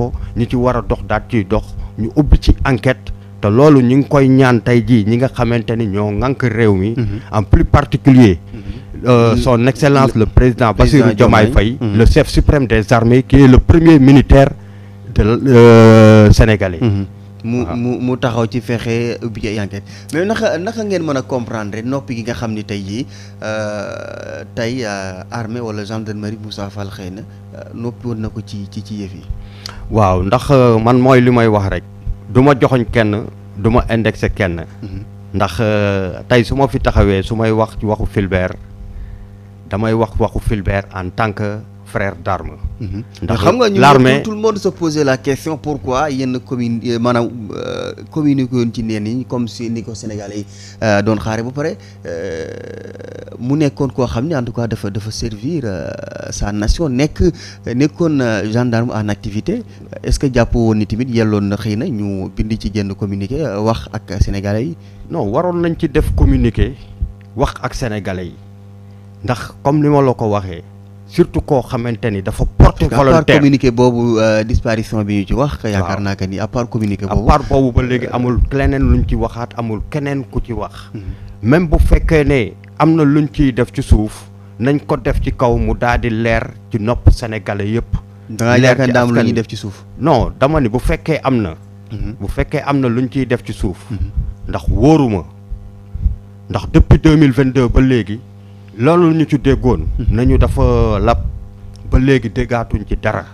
ko ñu ci war a dox daal ciy dox ñu ubbi ci enquête te loolu ñu ngi koy ñaan tey jii ñi nga xamante ni ñoo ŋànk réew mi mhm. en plus particulier mhm. Euh, son excellence le, président Bassirou Diomaye Faye mmh. le chef suprême des armées qui le premier militaire de euh, sénégalais mhm. mu mu mu taxaw ci fexe ubbi ay enquête mais naka naka ngeen mën a comprendre noppi gi nga xam ni tey jii euh, tey euh, armée wala gendarmerie Moussa Fall xëy na euh, noppi woon na ko ci ci ci yëf yi. waaw ndax man mooy li may wax rek duma ma joxoñ kenn duma indexse indexé kenn. Mhm. ndax tey su ma fi taxawee su may wax ci waxu Fulbert damay wax waxu Fulbert en tant que. frères d'armes. Mhm. ndax xam nga ñu tout le monde se posait la question pourquoi yenn commune euh, maanaam euh, communiqué woon ci neen yi comme si ni ko Sénégalais yi euh, doon xaare ba pare mu nekkoon koo xam ne en tout cas dafa dafa servir sa nation nekk nekkoon gendarme en activité est-ce que jàpp woon ni tamit yelloon na xëy na ñu bind ci jenn communiqué wax ak Sénégalais yi. non waroon nañ ci def communiqué wax ak Sénégalais yi ndax comme ni ma la ko waxee. surtout koo xamante ni dafa porte volontaire à part communiqué boobu euh, disparition bi ñu ci wax. waaw yaakaar naa que ni à part communiqué boobu. ba léegi amul leneen ñu ci waxaat amul keneen ku ci wax. Mhm. même bu fekkee ne am na lu luñ ciy def ci suuf nañ ko def ci kaw mu daal di leer ci nopp sénégalais yëpp. da daa am def ci suuf. no dama ni bu fekkee am na. Mhm. bu fekkee am na lu luñ ciy def ci suuf. Mhm. ndax wóoruma ndax depuis deux mille vingt deux ba léegi. loolu ñu ci déggoon. Mhm. nañu dafa lab ba léegi déggaatuñ ci dara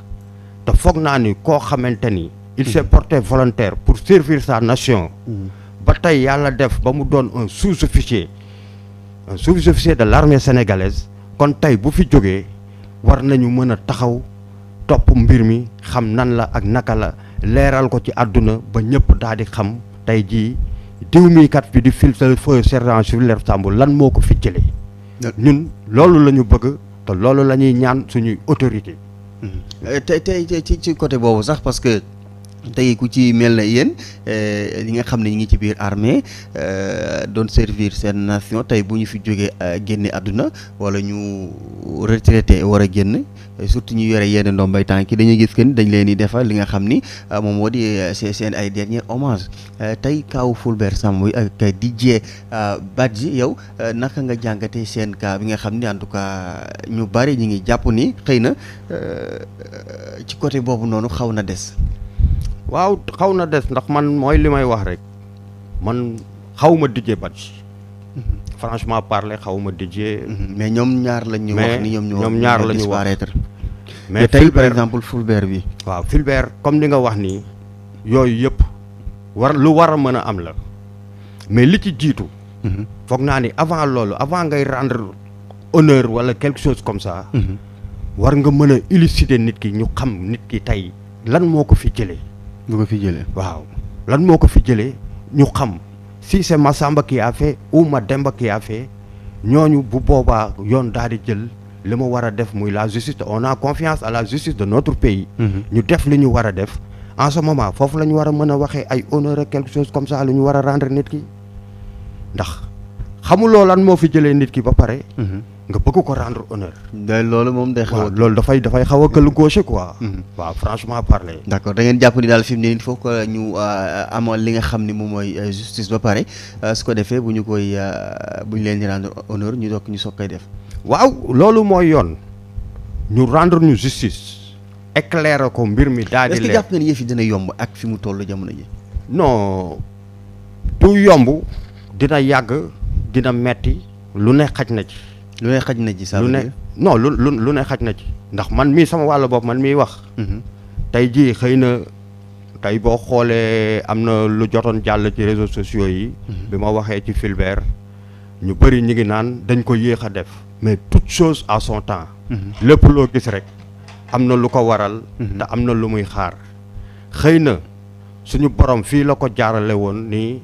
te foog naa ni koo xamante ni. il mhm. s'est porté volontaire pour servir sa nation. Mhm. ba tey yàlla def ba mu doon un sous-officier un sous-officier de l'armée sénégalaise kon tey bu fi jógee war nañu mën a taxaw topp mbir mi xam nan la ak naka la leeral ko ci àdduna ba ñëpp daal di xam tey jii diw mi kat bi di fil feu sergent Jules Lève Sambou lan moo ko fi jëlee. ñun loolu lañu bëgg te loolu la ñuy ñaan suñuy autorité euh, tey tey ci ci côté boobu sax parce que tey ku ci mel na yéen eh, ñi nga xam ne ñi ngi ci biir armée eh, doon servir seen nation tey bu ñu fi jógee eh, génne àdduna wala ñu retraité war a génn surtout ñu yore yenn ndombay yi dañuy gis que ni leen di defal li nga xam ni moom moo di seen ay dernier hommage tey kaaw Fulbert Sambou ak DJ Badji yow naka nga jàngate seen kaa bi nga xam ni en tout cas ñu bari ñu ngi jàpp ni xëy na ci côté boobu noonu xaw na des. waaw xaw na des ndax man mooy li may wax rek man xawma DJ Badji mm-hmm. franchement parler xawma DJ mm-hmm. mais ñoom ñaar la ñu wax ni ñoom ñoom ñaar la ñu wax mais tey par exemple Fulbert bi waaw Fulbert comme ni nga wax nii yooyu yëpp war lu war a mën a am la mais li ci jiitu mm-hmm. foog naa ni avant loolu avant ngay rendre honneur wala quelque chose comme ça war nga mën a élucider nit ki ñu xam nit ki tey lan moo ko fi jëlee nga ko fi jëlee waaw lan moo ko fi jëlee ñu xam si ma Massamba qui a fait ou Mademba qui a bu boobaa yoon daal di jël li mu war a def muy la justice on a confiance à la justice de notre pays. Mhm. ñu def li ñu war a def. en ce foofu la ñu war a mën a waxee ay honneur ak quelque chose comme ça lu ñu war a rendre nit ki ndax xamuloo lan moo fi jëlee nit ki ba pare. Mhm. nga bëgg ko rendre honneur. day loolu moom day xaw a. loolu dafay dafay xaw a këll gauche quoi. Mm-hmm. waaw franchement parler. d' accord da ngeen jàpp ni daal fi mu ne il faut que ñu euh, amal li nga xam ni moom mooy euh, justice ba pare euh, su ko defee bu ñu koy bu ñu leen di rendre honneur ñu doog ñu soog koy def. waaw loolu mooy yoon ñu rendre ñu justice éclairer ko mbir mi. daal di leer est ce que jàpp ngeen yëf yi dina yomb ak fi mu toll jamono ji. non du yomb dina yàgg dina metti lu ne xaj na ci. lu ne xaj na ci saa lu lu ne xaj na ci ndax man mii sama wàllu bopp man mii wax. Mhm. tey jii xëy na tey boo xoolee am na lu jotoon jàll ci réseaux sociaux yi. Mhm. bi ma waxee ci Fulbert ñu bëri ñu ngi naan dañ ko yéex a def. mais toute chose à son temps. Mhm. lépp loo gis rek am na lu ko waral. te am na lu muy xaar. xëy na suñu borom fii la ko jaarale woon nii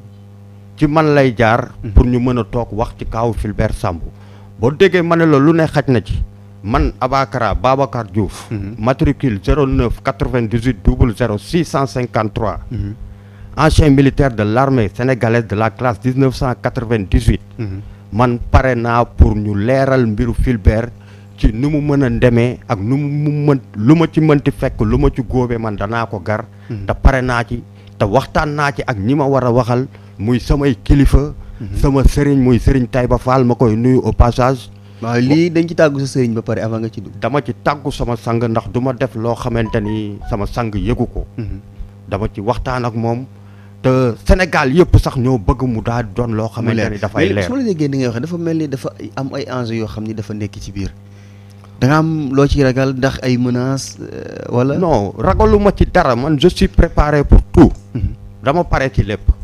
ci man lay jaar. pour ñu mën a toog wax ci kaawu Fulbert Sambou boo déggee ma ne la lu ne xaj na ci man Abakara Babacar Diouf. Mhm. matricule 09 98 00 653. ancien militaire de l'armée sénégalaise de la classe 1998. Mhm. man pare naa pour ñu leeral mbiru Fulbert ci ni mu mën a demee ak nu mu mën lu ma ci mënti fekk lu ma ci góobe man danaa ko gar. ndax mhm. pare naa ci te waxtaan naa ci ak ñi ma war a waxal muy samay kilifa. Mhm. sama sëriñ muy sëriñ ba Fall ma koy nuyu au passage. waaw lii dañ ci tàggu sa sëriñ ba pare avant nga ci dama ci tàggu sama sang ndax du def loo xamante ni sama sang yëgu ko. Mhm. ci waxtaan ak moom. te Sénégal yëpp sax ñoo bëgg mu daa doon loo xamante ni dafay leer mais su ma la déggee dafa mel ni dafa am ay enjeux yoo xam ni dafa nekk ci biir. danga am loo ci ragal ndax ay menaces euh, wala. non ragalu ma ci dara man je suis préparé pour tout. Mhm. dama pare ci lépp.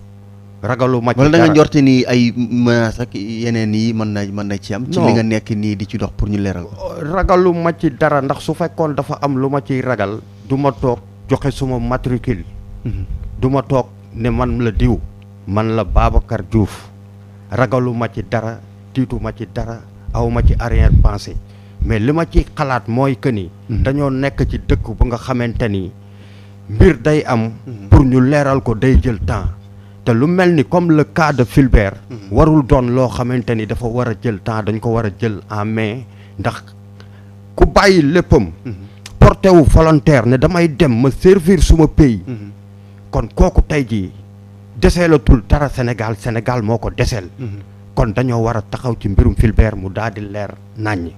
ragalu màcc wala da nga njorte ay menaces yeneen yi mën na mën na ci am. ci nga nekk nii di ci dox pour ñu leeral. Oh, ragalu màcc dara ndax su fekkoon dafa am lu ma ciy ragal. du ma toog joxe suma matricule. Mhm. du ma toog ne man la diw. man la Babacar juuf ragalu ma ci dara tiitu ma ci dara awma ci arrière pensée mais li ma ci xalaat mooy que ni. Mhm. dañoo nekk ci dëkk bu nga xamante ni mbir day am. Mhm. pour ñu leeral ko day jël temps. te lu mel ni comme le cas de mhm. warul doon loo xamante ni dafa war a jël temps dañ ko war a jël en main ndax ku bàyyi léppam. Mhm. porté wu ne damay dem ma servir suma pays. Mhm. kon kooku tey jii deseelatul dara Sénégal Sénégal moo ko deseel. kon dañoo war a taxaw ci mbirum Fulbert mu daal di leer naññ.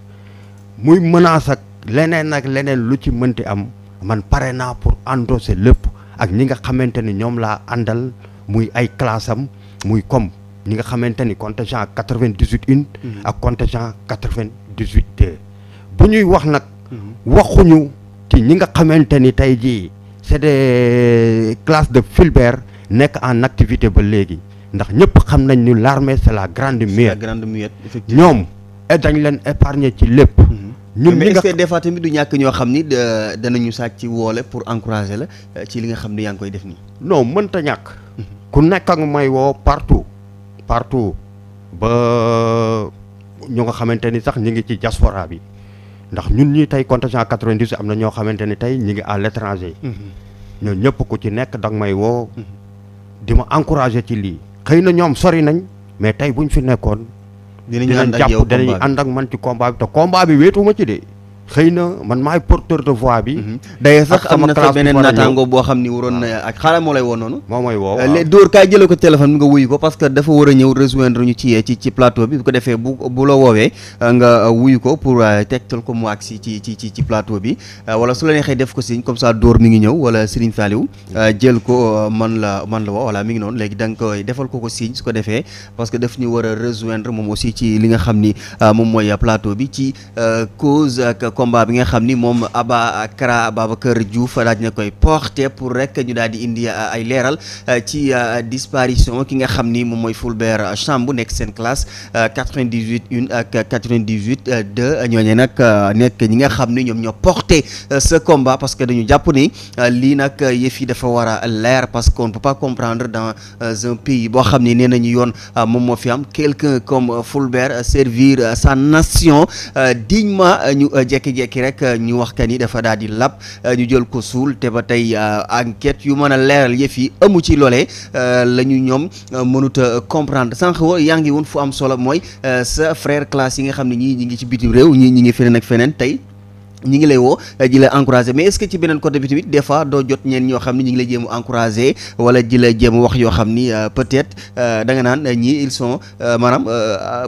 muy menace ak leneen ak leneen lu ci mënti am man pare naa pour endosser lépp ak ñi nga xamante ni ñoom laa àndal. muy ay classe am muy comme ñi nga xamante ni contingent quatre vingt dix mhm. ak contingent quatre vingt dix bu ñuy wax nag mhm. waxuñu ci ñi nga xamante ni tey jii c'est des classes de Fulbert nekk en activité ba léegi ndax ñëpp xam nañ ni l'armée c'est la grande muette ñoom dañ leen épargner ci lépp mhm. ñu mais est-ce tamit du ñàkk ñoo xam ni euh, danañu sàcc ci woole pour encourager la euh, ci li nga xam ne yaa ngi koy def nii non mënta ñàkk ku nekk ak may woo partout partout ba ñu nga xamante ni sax ñu ngi ci diaspora bi ndax ñun ñii tey contingent 90 am na ñoo xamante ni tey ñu ngi à l'étranger mm-hmm. ñoo ñëpp ku ci nekk danga may woo mm-hmm. di ma encouragé ci lii xëy na ñoom sori nañ mais tey buñ fi nekkoon dinañ jàpp dinañ ànd ak man ci combat bi te combat bi wéetuma ci dee xëy na man maay porteur de voix bi. Mhm. day sax am na sa beneen naataango boo xam ni waroon na ak xaaral moo lay woo noonu. moo may woo euh, waaw Dóor kaay ko téléphone bi nga wuyu ko parce que dafa war a ñëw rejoindre ñu ci ci ci plateau bi bu ko la woowee euh, nga euh, ci ci ci bi wala su la neexee def ko si comme ça door mi ngi ñëw wala Serigne Saliou mhm. jël ko man la man la wo voilà mi ngi noonu léegi danga nga koy defal ko ko signe su ko defee parce que daf ñu war a moom aussi ci li nga xam ni moom mooy plateau combat bi nga xam ni moom Abakara Ababacar Diouf daaj na koy porté pour rek ñu daal di indi euh, ay leeral euh, ci euh, disparition ki nga xam ni moom mooy Fulbert Sambou nekk seen classe 98 1 ak 98 2 ñooñu nag nekk ñi nga xam ni ñoom ñoo porté ce combat parce que dañu jàpp ni lii nag yëf yi dafa war a leer parce que ne peut pas comprendre dans un pays boo xam ni nee nañu yoon moom moo fi am quelqu'un comme Fulbert servir sa nation dignement ñu jekki jekki-jekki rek euh, ñu wax ka ni dafa daal di lab euh, ñu jël ko suul te ba tey euh, enquête yu mën a leeral yëf yi amu ci loolee la ñu ñoom mënut a comprendre sànq yaa ngi woon fu am solo mooy sa frère classe yi nga xam ne ñii ñi ngi ci bitim réew ñii ñi ngi feneen ak feneen tey ñi ngi lay woo ji la encouragé mais est-ce ci beneen côté bi tamit des fois doo jot ñeen ñoo xam ni ñi ngi lay jéem a encouragé wala ji la jéem wax yoo xam ni peut-être da nga naan ñii ils sont maanaam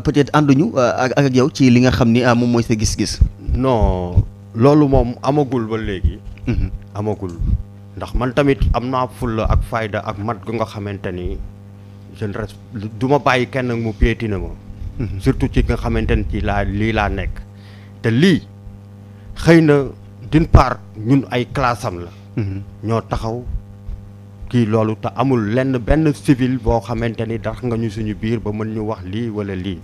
peut-être ànduñu ak ak yow ci li nga xam ni moom mooy sa gis-gis. non loolu moom amagul ba léegi. Mhm. amagul ndax man tamit am naa fulla ak fayda ak mat gu nga xamante ni je ne bàyyi kenn mu na ma. Mhm. surtout ci nga xamante ni ci laa lii laa nekk te lii xëy na d'une ñun ay classe la. Mhm. ñoo taxaw kii loolu te amul lenn benn civil boo xamante ni dax nga ñu suñu biir ba mën ñu wax lii walla lii.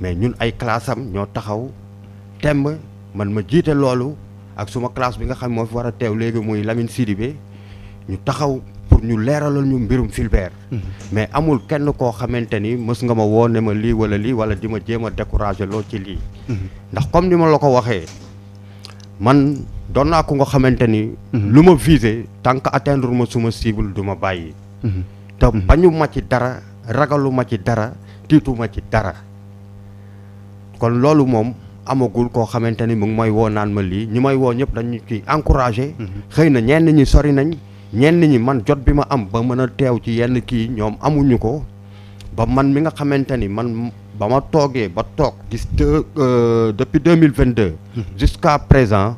mais ñun ay classe ñoo taxaw temb. man ma jiite loolu ak suma classe bi nga xam moo fi war a teew léegi muy Lamine Sidibé ñu taxaw pour ñu leeralal ñu mbirum Fulbert mm-hmm. mais amul kenn koo xamante ni mës nga ma woo ne ma lii wala lii wala di ma jéem a découragé loo ci lii mm-hmm. ndax comme ni ma la ko waxee man doon naa ko nga xamante ni mm-hmm. lu ma visé tant que atteindre ma suma cible du ma bàyyi te bañu ma ci dara ragalu ci dara tiitu ci dara kon loolu moom amagul koo xamante ni mu ngi may woo naan ma lii ñi may woo ñëpp dañu ciy encouragé. Mhm. xëy na ñenn ñi sori nañ ñenn ñi man jot bi ma am ba mën a teew ci yenn kii ñoom amuñu ko ba man mi nga xamante ni man ba ma toogee ba toog gis euh, depuis deux mille vingt deux. Mhm. jusqu'à présent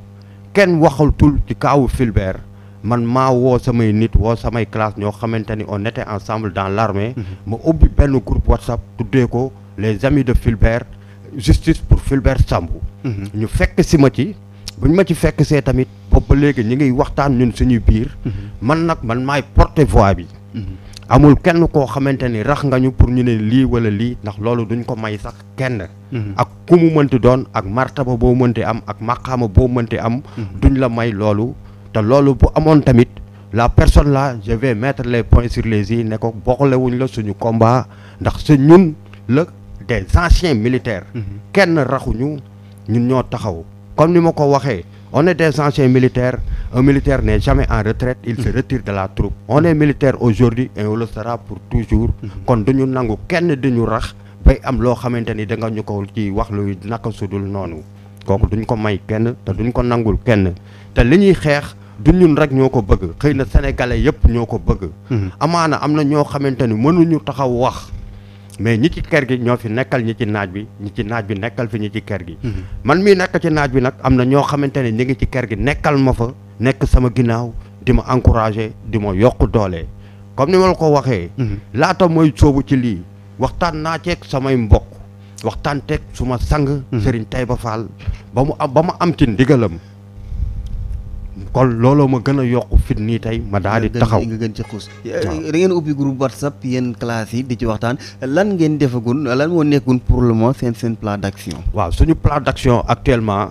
kenn waxatul ci kaawu Fulbert. man maa woo samay nit woo samay classe ñoo xamante ni on était ensemble dans l'armée mhm. ma ubbi benn groupe WhatsApp tuddee ko les amis de Fulbert justice pour Fulbert Sambou mhm. ñu fekk si ma ci buñ ma ci fekk see tamit boobu léegi ñu ngiy waxtaan ñun suñu biir mhm. man nag man maay porte voix bi mhm. amul kenn koo xamante ni rax nga ñu pour ñu ne lii wala lii ndax loolu duñ ko may sax kenn ak ku mu mënti doon ak martaba boo mënti am ak maqaama boo mënti am duñ la may loolu te loolu bu amoon tamit la personne la je vais les points sur les i ne ko boxlewuñ la suñu combat ndax su ñun la des anciens militaires. Mhm. kenn raxuñu ñun ñoo taxaw. comme ni ma ko waxee on des anciens militaires un militaire n'est jamais en retraite il se mhm. retire de la troupe on est militaire aujourd'hui et on le sera pour toujours mhm. kon duñu nangu kenn duñu rax bay am loo xamante ni da nga ñu ko ci wax luy naka sudul noonu kooku duñ ko may kenn te duñ ko nangul kenn te li ñuy xeex du ñun rek ñoo ko bëgg xëy na sénégalais yëpp ñoo ko bëgg amaana am na ñoo xamante ni mënuñu taxaw wax mais ñi ci kër gi ñoo fi nekkal ñi ci naaj bi ñi ci naaj bi nekkal fi ñi ci kër gi mhm. man mii nekk ci naaj bi nag am na ñoo xamante ne ñi ngi ci kër gi nekkal ma fa nekk sama ginnaaw di ma encouragé di ma yokk doole comme ni ma la ko waxee mhm. laata mooy soobu ci lii waxtaan naa ceeg samay mbokk waxtaan teeg su ma sang mhm. tey ba Fall ba mu am ba ma am ci ndigalam kon looloo ma gën a yokk fit nii tey ma daal di taxaw nga gën ci xuus eh, da ngeen ubbi groupe whatsapp yéen classe yi di ci waxtaan lan ngeen defagun lan moo nekkoon pour le moment seen seen plan d' action waaw suñu plan d' action actuellement